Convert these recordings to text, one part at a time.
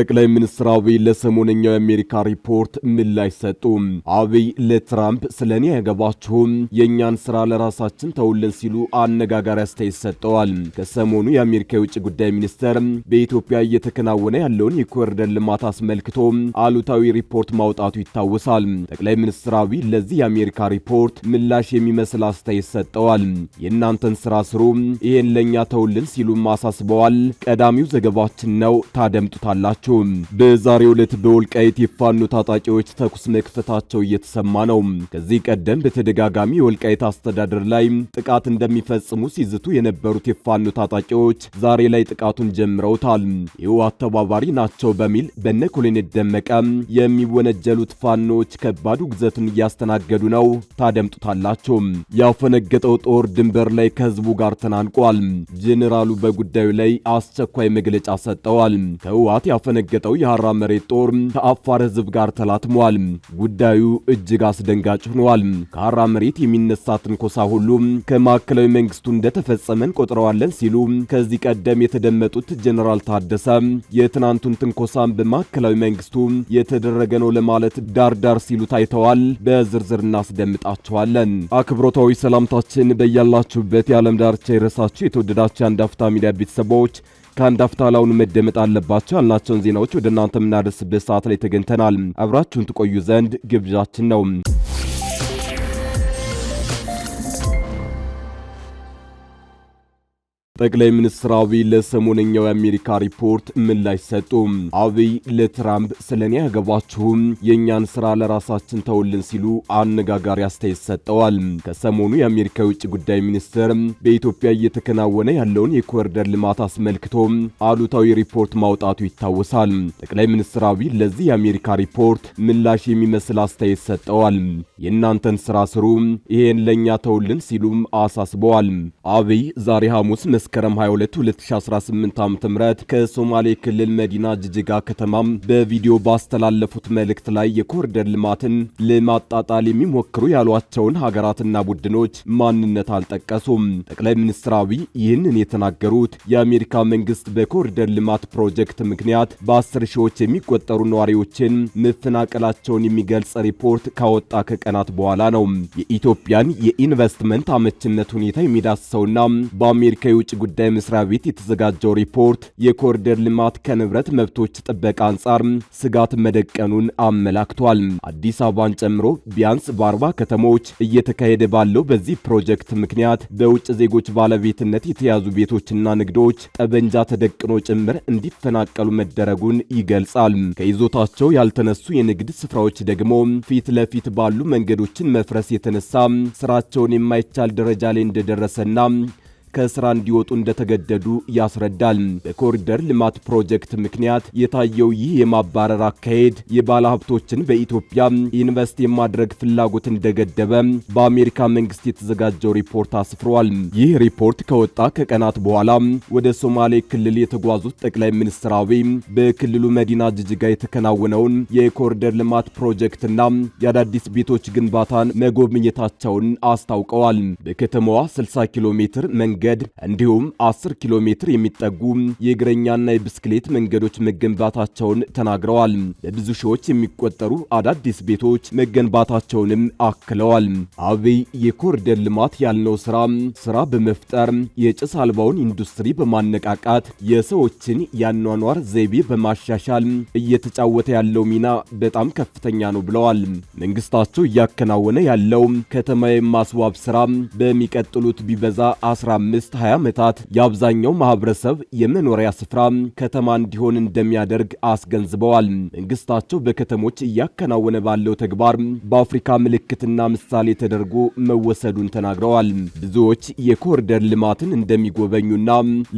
ጠቅላይ ሚኒስትር አብይ ለሰሞነኛው የአሜሪካ ሪፖርት ምላሽ ሰጡ። አብይ ለትራምፕ ስለ እኔ አያገባችሁም የእኛን ስራ ለራሳችን ተውልን ሲሉ አነጋጋሪ አስተያየት ሰጠዋል። ከሰሞኑ የአሜሪካ የውጭ ጉዳይ ሚኒስተር በኢትዮጵያ እየተከናወነ ያለውን የኮሪደር ልማት አስመልክቶ አሉታዊ ሪፖርት ማውጣቱ ይታወሳል። ጠቅላይ ሚኒስትር አብይ ለዚህ የአሜሪካ ሪፖርት ምላሽ የሚመስል አስተያየት ሰጠዋል። የእናንተን ስራ ስሩ፣ ይህን ለእኛ ተውልን ሲሉም አሳስበዋል። ቀዳሚው ዘገባችን ነው፣ ታደምጡታላችሁ። ናቸው። በዛሬው ዕለት በወልቃይት የፋኖ ታጣቂዎች ተኩስ መክፈታቸው እየተሰማ ነው። ከዚህ ቀደም በተደጋጋሚ የወልቃይት አስተዳደር ላይ ጥቃት እንደሚፈጽሙ ሲዝቱ የነበሩት የፋኖ ታጣቂዎች ዛሬ ላይ ጥቃቱን ጀምረውታል። ይኸው አተባባሪ ናቸው በሚል በነ ኮሎኔል ደመቀ የሚወነጀሉት ፋኖዎች ከባድ ውግዘቱን እያስተናገዱ ነው። ታደምጡታላቸው። ያፈነገጠው ጦር ድንበር ላይ ከህዝቡ ጋር ተናንቋል። ጄኔራሉ በጉዳዩ ላይ አስቸኳይ መግለጫ ሰጠዋል። ከህወሓት ያፈነገጠው የሐራ መሬት ጦር ከአፋር ህዝብ ጋር ተላትሟል። ጉዳዩ እጅግ አስደንጋጭ ሆኗል። ከሐራ መሬት የሚነሳ ትንኮሳ ሁሉ ከማዕከላዊ መንግስቱ እንደተፈጸመ እንቆጥረዋለን ሲሉ ከዚህ ቀደም የተደመጡት ጀኔራል ታደሰ የትናንቱን ትንኮሳን በማዕከላዊ መንግስቱ የተደረገ ነው ለማለት ዳርዳር ሲሉ ታይተዋል። በዝርዝር እናስደምጣቸዋለን። አክብሮታዊ ሰላምታችን በያላችሁበት የዓለም ዳርቻ የረሳችሁ የተወደዳችሁ የአንድ አፍታ ሚዲያ ቤተሰቦች ከአንድ አፍታ መደመጥ አለባቸው ያልናቸውን ዜናዎች ወደ እናንተ የምናደርስበት ሰዓት ላይ ተገኝተናል። አብራችሁን ትቆዩ ዘንድ ግብዣችን ነው። ጠቅላይ ሚኒስትር አብይ ለሰሞነኛው የአሜሪካ ሪፖርት ምላሽ ሰጡ። አብይ ለትራምፕ ስለ እኔ የእኛን ስራ ለራሳችን ተውልን ሲሉ አነጋጋሪ አስተያየት ሰጠዋል። ከሰሞኑ የአሜሪካ የውጭ ጉዳይ ሚኒስትር በኢትዮጵያ እየተከናወነ ያለውን የኮሪደር ልማት አስመልክቶ አሉታዊ ሪፖርት ማውጣቱ ይታወሳል። ጠቅላይ ሚኒስትር አብይ ለዚህ የአሜሪካ ሪፖርት ምላሽ የሚመስል አስተያየት ሰጠዋል። የእናንተን ስራ ስሩ፣ ይሄን ለእኛ ተውልን ሲሉም አሳስበዋል። አብይ ዛሬ ሐሙስ መስ መስከረም 22 2018 ዓ.ም ከሶማሌ ክልል መዲና ጅጅጋ ከተማም በቪዲዮ ባስተላለፉት መልእክት ላይ የኮሪደር ልማትን ለማጣጣል የሚሞክሩ ያሏቸውን ሀገራትና ቡድኖች ማንነት አልጠቀሱም። ጠቅላይ ሚኒስትር አብይ ይህንን የተናገሩት የአሜሪካ መንግስት በኮሪደር ልማት ፕሮጀክት ምክንያት በአስር ሺዎች የሚቆጠሩ ነዋሪዎችን መፈናቀላቸውን የሚገልጽ ሪፖርት ካወጣ ከቀናት በኋላ ነው። የኢትዮጵያን የኢንቨስትመንት አመችነት ሁኔታ የሚዳስሰውና በአሜሪካ የውጭ ጉዳይ መስሪያ ቤት የተዘጋጀው ሪፖርት የኮሪደር ልማት ከንብረት መብቶች ጥበቃ አንጻር ስጋት መደቀኑን አመላክቷል። አዲስ አበባን ጨምሮ ቢያንስ በአርባ ከተሞች እየተካሄደ ባለው በዚህ ፕሮጀክት ምክንያት በውጭ ዜጎች ባለቤትነት የተያዙ ቤቶችና ንግዶች ጠበንጃ ተደቅኖ ጭምር እንዲፈናቀሉ መደረጉን ይገልጻል። ከይዞታቸው ያልተነሱ የንግድ ስፍራዎች ደግሞ ፊት ለፊት ባሉ መንገዶችን መፍረስ የተነሳ ስራቸውን የማይቻል ደረጃ ላይ እንደደረሰና ከስራ እንዲወጡ እንደተገደዱ ያስረዳል። በኮሪደር ልማት ፕሮጀክት ምክንያት የታየው ይህ የማባረር አካሄድ የባለ ሀብቶችን በኢትዮጵያ ኢንቨስት የማድረግ ፍላጎት እንደገደበ በአሜሪካ መንግስት የተዘጋጀው ሪፖርት አስፍሯል። ይህ ሪፖርት ከወጣ ከቀናት በኋላ ወደ ሶማሌ ክልል የተጓዙት ጠቅላይ ሚኒስትር አብይ በክልሉ መዲና ጅጅጋ የተከናወነውን የኮሪደር ልማት ፕሮጀክትና የአዳዲስ ቤቶች ግንባታን መጎብኘታቸውን አስታውቀዋል። በከተማዋ 60 ኪሎ ሜትር መንገድ መንገድ እንዲሁም 10 ኪሎ ሜትር የሚጠጉ የእግረኛና የብስክሌት መንገዶች መገንባታቸውን ተናግረዋል። በብዙ ሺዎች የሚቆጠሩ አዳዲስ ቤቶች መገንባታቸውንም አክለዋል። አብይ የኮሪደር ልማት ያልነው ስራ ስራ በመፍጠር የጭስ አልባውን ኢንዱስትሪ በማነቃቃት የሰዎችን የአኗኗር ዘይቤ በማሻሻል እየተጫወተ ያለው ሚና በጣም ከፍተኛ ነው ብለዋል። መንግስታቸው እያከናወነ ያለው ከተማ የማስዋብ ስራ በሚቀጥሉት ቢበዛ 15 አምስት ሀያ ዓመታት የአብዛኛው ማህበረሰብ የመኖሪያ ስፍራ ከተማ እንዲሆን እንደሚያደርግ አስገንዝበዋል። መንግስታቸው በከተሞች እያከናወነ ባለው ተግባር በአፍሪካ ምልክትና ምሳሌ ተደርጎ መወሰዱን ተናግረዋል። ብዙዎች የኮሪደር ልማትን እንደሚጎበኙና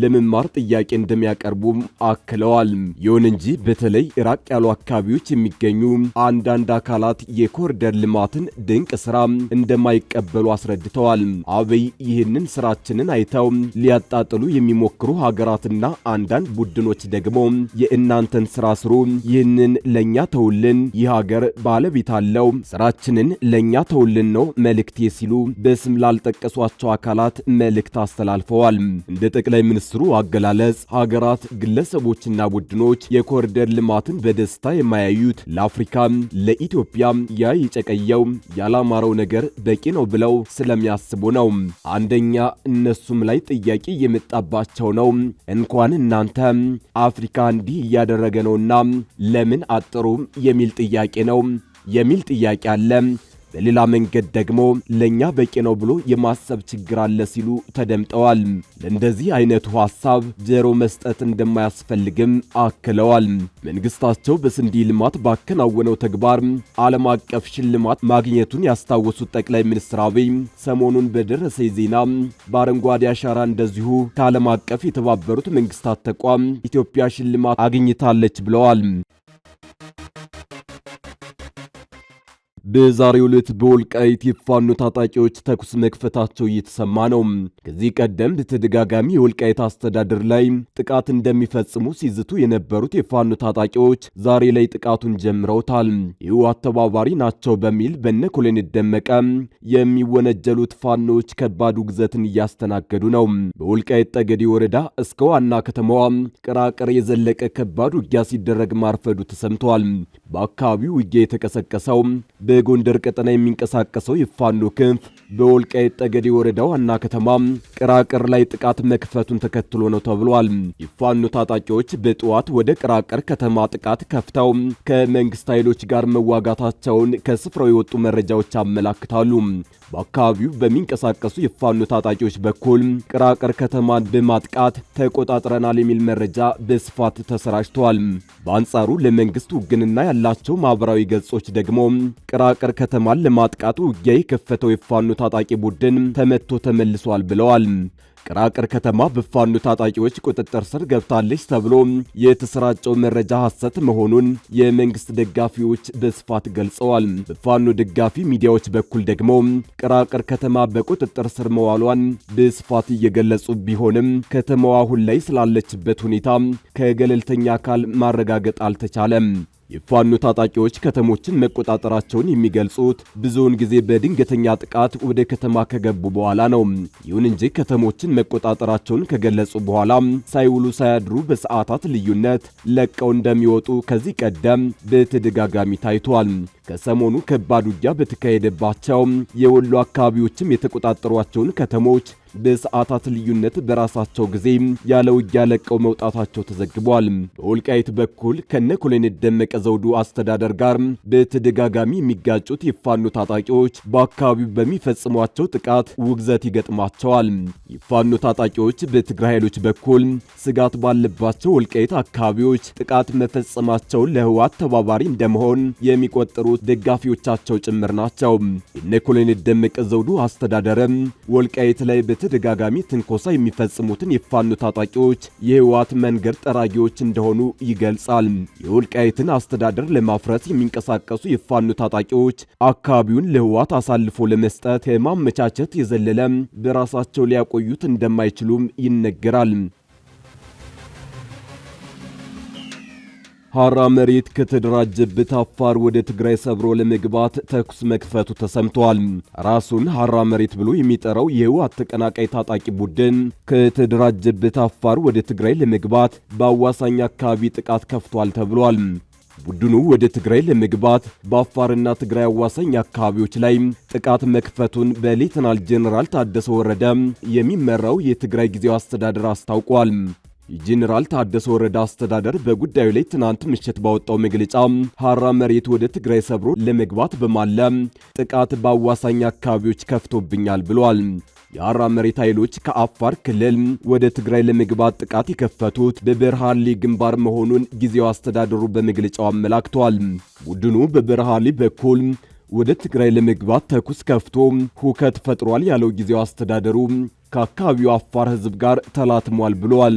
ለመማር ጥያቄ እንደሚያቀርቡም አክለዋል። ይሁን እንጂ በተለይ ራቅ ያሉ አካባቢዎች የሚገኙ አንዳንድ አካላት የኮሪደር ልማትን ድንቅ ስራ እንደማይቀበሉ አስረድተዋል። አብይ ይህንን ስራችንን አይ አገናኝተው ሊያጣጥሉ የሚሞክሩ ሀገራትና አንዳንድ ቡድኖች ደግሞ የእናንተን ስራ ስሩ፣ ይህንን ለእኛ ተውልን፣ ይህ ሀገር ባለቤት አለው፣ ስራችንን ለእኛ ተውልን ነው መልእክቴ ሲሉ በስም ላልጠቀሷቸው አካላት መልእክት አስተላልፈዋል። እንደ ጠቅላይ ሚኒስትሩ አገላለጽ ሀገራት፣ ግለሰቦችና ቡድኖች የኮሪደር ልማትን በደስታ የማያዩት ለአፍሪካ ለኢትዮጵያ ያ የጨቀየው ያላማረው ነገር በቂ ነው ብለው ስለሚያስቡ ነው። አንደኛ እነሱ በራሱም ላይ ጥያቄ የመጣባቸው ነው። እንኳን እናንተ አፍሪካ እንዲህ እያደረገ ነውና ለምን አጥሩ የሚል ጥያቄ ነው የሚል ጥያቄ አለ። በሌላ መንገድ ደግሞ ለእኛ በቂ ነው ብሎ የማሰብ ችግር አለ ሲሉ ተደምጠዋል። ለእንደዚህ አይነቱ ሐሳብ ጆሮ መስጠት እንደማያስፈልግም አክለዋል። መንግስታቸው በስንዴ ልማት ባከናወነው ተግባር ዓለም አቀፍ ሽልማት ማግኘቱን ያስታወሱት ጠቅላይ ሚኒስትር አብይ ሰሞኑን በደረሰ ዜና በአረንጓዴ አሻራ እንደዚሁ ከዓለም አቀፍ የተባበሩት መንግስታት ተቋም ኢትዮጵያ ሽልማት አግኝታለች ብለዋል። በዛሬው ዕለት በወልቃይት የፋኖ ታጣቂዎች ተኩስ መክፈታቸው እየተሰማ ነው። ከዚህ ቀደም በተደጋጋሚ የወልቃይት አስተዳደር ላይ ጥቃት እንደሚፈጽሙ ሲዝቱ የነበሩት የፋኖ ታጣቂዎች ዛሬ ላይ ጥቃቱን ጀምረውታል። ይህ አተባባሪ ናቸው በሚል በነ ኮሎኔል ደመቀ የሚወነጀሉት ፋኖዎች ከባድ ውግዘትን እያስተናገዱ ነው። በወልቃይት ጠገዴ ወረዳ እስከ ዋና ከተማዋ ቅራቅር የዘለቀ ከባድ ውጊያ ሲደረግ ማርፈዱ ተሰምተዋል። በአካባቢው ውጊያ የተቀሰቀሰው በጎንደር ቀጠና የሚንቀሳቀሰው የፋኖ ክንፍ በወልቃይት ጠገዴ ወረዳ ዋና ከተማ ቅራቅር ላይ ጥቃት መክፈቱን ተከትሎ ነው ተብሏል። የፋኖ ታጣቂዎች በጠዋት ወደ ቅራቅር ከተማ ጥቃት ከፍተው ከመንግስት ኃይሎች ጋር መዋጋታቸውን ከስፍራው የወጡ መረጃዎች አመላክታሉ። በአካባቢው በሚንቀሳቀሱ የፋኖ ታጣቂዎች በኩል ቅራቅር ከተማን በማጥቃት ተቆጣጥረናል የሚል መረጃ በስፋት ተሰራጭቷል። በአንጻሩ ለመንግስት ውግንና ያላቸው ማኅበራዊ ገጾች ደግሞ አቃር ከተማን ለማጥቃት ውጊያ የከፈተው የፋኖ ታጣቂ ቡድን ተመቶ ተመልሷል ብለዋል። ቅራቅር ከተማ በፋኖ ታጣቂዎች ቁጥጥር ስር ገብታለች ተብሎ የተሰራጨው መረጃ ሐሰት መሆኑን የመንግስት ደጋፊዎች በስፋት ገልጸዋል። በፋኖ ደጋፊ ሚዲያዎች በኩል ደግሞ ቅራቅር ከተማ በቁጥጥር ስር መዋሏን በስፋት እየገለጹ ቢሆንም ከተማዋ አሁን ላይ ስላለችበት ሁኔታ ከገለልተኛ አካል ማረጋገጥ አልተቻለም። የፋኖ ታጣቂዎች ከተሞችን መቆጣጠራቸውን የሚገልጹት ብዙውን ጊዜ በድንገተኛ ጥቃት ወደ ከተማ ከገቡ በኋላ ነው። ይሁን እንጂ ከተሞችን መቆጣጠራቸውን ከገለጹ በኋላ ሳይውሉ ሳያድሩ በሰዓታት ልዩነት ለቀው እንደሚወጡ ከዚህ ቀደም በተደጋጋሚ ታይቷል። ከሰሞኑ ከባድ ውጊያ በተካሄደባቸው የወሎ አካባቢዎችም የተቆጣጠሯቸውን ከተሞች በሰዓታት ልዩነት በራሳቸው ጊዜ ያለ ውጊያ ለቀው መውጣታቸው ተዘግቧል። በወልቃይት በኩል ከነ ኮሎኔል ደመቀ ዘውዱ አስተዳደር ጋር በተደጋጋሚ የሚጋጩት የፋኖ ታጣቂዎች በአካባቢው በሚፈጽሟቸው ጥቃት ውግዘት ይገጥማቸዋል። የፋኖ ታጣቂዎች በትግራይ ኃይሎች በኩል ስጋት ባለባቸው ወልቃይት አካባቢዎች ጥቃት መፈጸማቸውን ለህወሓት ተባባሪ እንደመሆን የሚቆጠሩት ደጋፊዎቻቸው ጭምር ናቸው። የነ ኮሎኔል ደመቀ ዘውዱ አስተዳደርም ወልቃይት ላይ በተደጋጋሚ ትንኮሳ የሚፈጽሙትን የፋኖ ታጣቂዎች የህወሓት መንገድ ጠራጊዎች እንደሆኑ ይገልጻል። የወልቃይትን አስተዳደር ለማፍረስ የሚንቀሳቀሱ የፋኖ ታጣቂዎች አካባቢውን ለህወሓት አሳልፎ ለመስጠት የማመቻቸት የዘለለ በራሳቸው ሊያቆዩት እንደማይችሉም ይነገራል። ሐራ መሬት ከተደራጀበት አፋር ወደ ትግራይ ሰብሮ ለመግባት ተኩስ መክፈቱ ተሰምቷል። ራሱን ሐራ መሬት ብሎ የሚጠራው የህወሓት ተቀናቃይ ታጣቂ ቡድን ከተደራጀበት አፋር ወደ ትግራይ ለመግባት በአዋሳኝ አካባቢ ጥቃት ከፍቷል ተብሏል። ቡድኑ ወደ ትግራይ ለመግባት በአፋርና ትግራይ አዋሳኝ አካባቢዎች ላይ ጥቃት መክፈቱን በሌተናል ጄኔራል ታደሰ ወረደ የሚመራው የትግራይ ጊዜያዊ አስተዳደር አስታውቋል። የጄኔራል ታደሰ ወረዳ አስተዳደር በጉዳዩ ላይ ትናንት ምሽት ባወጣው መግለጫ ሐራ መሬት ወደ ትግራይ ሰብሮ ለመግባት በማለም ጥቃት በአዋሳኝ አካባቢዎች ከፍቶብኛል ብሏል። የሐራ መሬት ኃይሎች ከአፋር ክልል ወደ ትግራይ ለመግባት ጥቃት የከፈቱት በበርሃሌ ግንባር መሆኑን ጊዜው አስተዳደሩ በመግለጫው አመላክቷል። ቡድኑ በበርሃሌ በኩል ወደ ትግራይ ለመግባት ተኩስ ከፍቶ ሁከት ፈጥሯል ያለው ጊዜው አስተዳደሩ ከአካባቢው አፋር ሕዝብ ጋር ተላትሟል ብለዋል።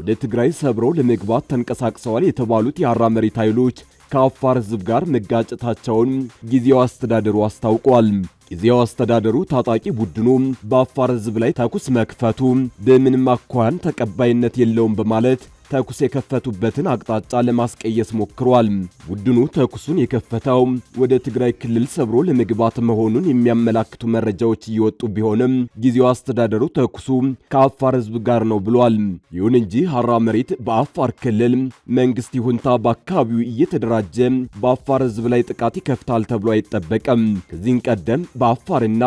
ወደ ትግራይ ሰብረው ለመግባት ተንቀሳቅሰዋል የተባሉት የአራ መሬት ኃይሎች ከአፋር ሕዝብ ጋር መጋጨታቸውን ጊዜው አስተዳደሩ አስታውቋል። ጊዜው አስተዳደሩ ታጣቂ ቡድኑ በአፋር ሕዝብ ላይ ተኩስ መክፈቱ በምንም አኳያን ተቀባይነት የለውም በማለት ተኩስ የከፈቱበትን አቅጣጫ ለማስቀየስ ሞክሯል። ቡድኑ ተኩሱን የከፈተው ወደ ትግራይ ክልል ሰብሮ ለመግባት መሆኑን የሚያመላክቱ መረጃዎች እየወጡ ቢሆንም ጊዜው አስተዳደሩ ተኩሱ ከአፋር ሕዝብ ጋር ነው ብሏል። ይሁን እንጂ ሀራ መሬት በአፋር ክልል መንግስት ይሁንታ በአካባቢው እየተደራጀ በአፋር ሕዝብ ላይ ጥቃት ይከፍታል ተብሎ አይጠበቅም። ከዚህም ቀደም በአፋርና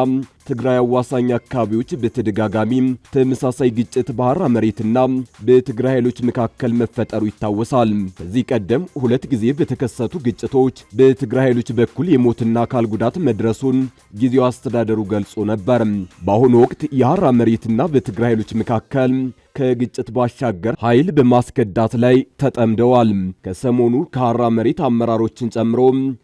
ትግራይ አዋሳኝ አካባቢዎች በተደጋጋሚ ተመሳሳይ ግጭት በሐራ መሬትና በትግራይ ኃይሎች መካከል መፈጠሩ ይታወሳል። ከዚህ ቀደም ሁለት ጊዜ በተከሰቱ ግጭቶች በትግራይ ኃይሎች በኩል የሞትና አካል ጉዳት መድረሱን ጊዜው አስተዳደሩ ገልጾ ነበር። በአሁኑ ወቅት የሐራ መሬትና በትግራይ ኃይሎች መካከል ከግጭት ባሻገር ኃይል በማስከዳት ላይ ተጠምደዋል። ከሰሞኑ ከሐራ መሬት አመራሮችን ጨምሮ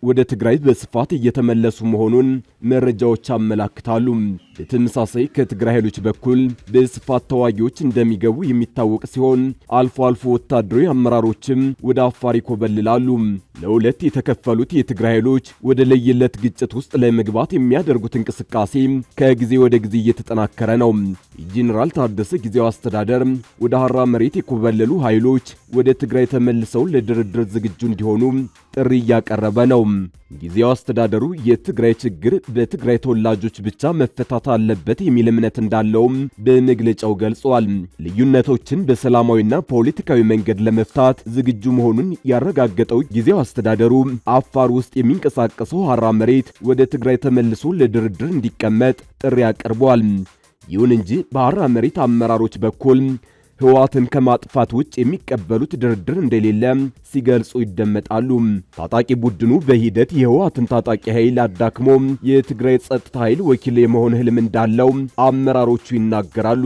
ወደ ትግራይ በስፋት እየተመለሱ መሆኑን መረጃዎች አመላክታሉ። በተመሳሳይ ከትግራይ ኃይሎች በኩል በስፋት ተዋጊዎች እንደሚገቡ የሚታወቅ ሲሆን አልፎ አልፎ ወታደራዊ አመራሮችም ወደ አፋር ይኮበልላሉ። ለሁለት የተከፈሉት የትግራይ ኃይሎች ወደ ለየለት ግጭት ውስጥ ለመግባት የሚያደርጉት እንቅስቃሴ ከጊዜ ወደ ጊዜ እየተጠናከረ ነው። የጄኔራል ታደሰ ጊዜው አስተዳደር ወደ ሐራ መሬት የኮበለሉ ኃይሎች ወደ ትግራይ ተመልሰው ለድርድር ዝግጁ እንዲሆኑ ጥሪ እያቀረበ ነው። ጊዜያዊ አስተዳደሩ የትግራይ ችግር በትግራይ ተወላጆች ብቻ መፈታት አለበት የሚል እምነት እንዳለውም በመግለጫው ገልጿል። ልዩነቶችን በሰላማዊና ፖለቲካዊ መንገድ ለመፍታት ዝግጁ መሆኑን ያረጋገጠው ጊዜያዊ አስተዳደሩ አፋር ውስጥ የሚንቀሳቀሰው ሐራ መሬት ወደ ትግራይ ተመልሶ ለድርድር እንዲቀመጥ ጥሪ አቅርቧል። ይሁን እንጂ በሐራ መሬት አመራሮች በኩል ህወሓትን ከማጥፋት ውጭ የሚቀበሉት ድርድር እንደሌለ ሲገልጹ ይደመጣሉ። ታጣቂ ቡድኑ በሂደት የህወሓትን ታጣቂ ኃይል አዳክሞ የትግራይ ጸጥታ ኃይል ወኪል የመሆን ህልም እንዳለው አመራሮቹ ይናገራሉ።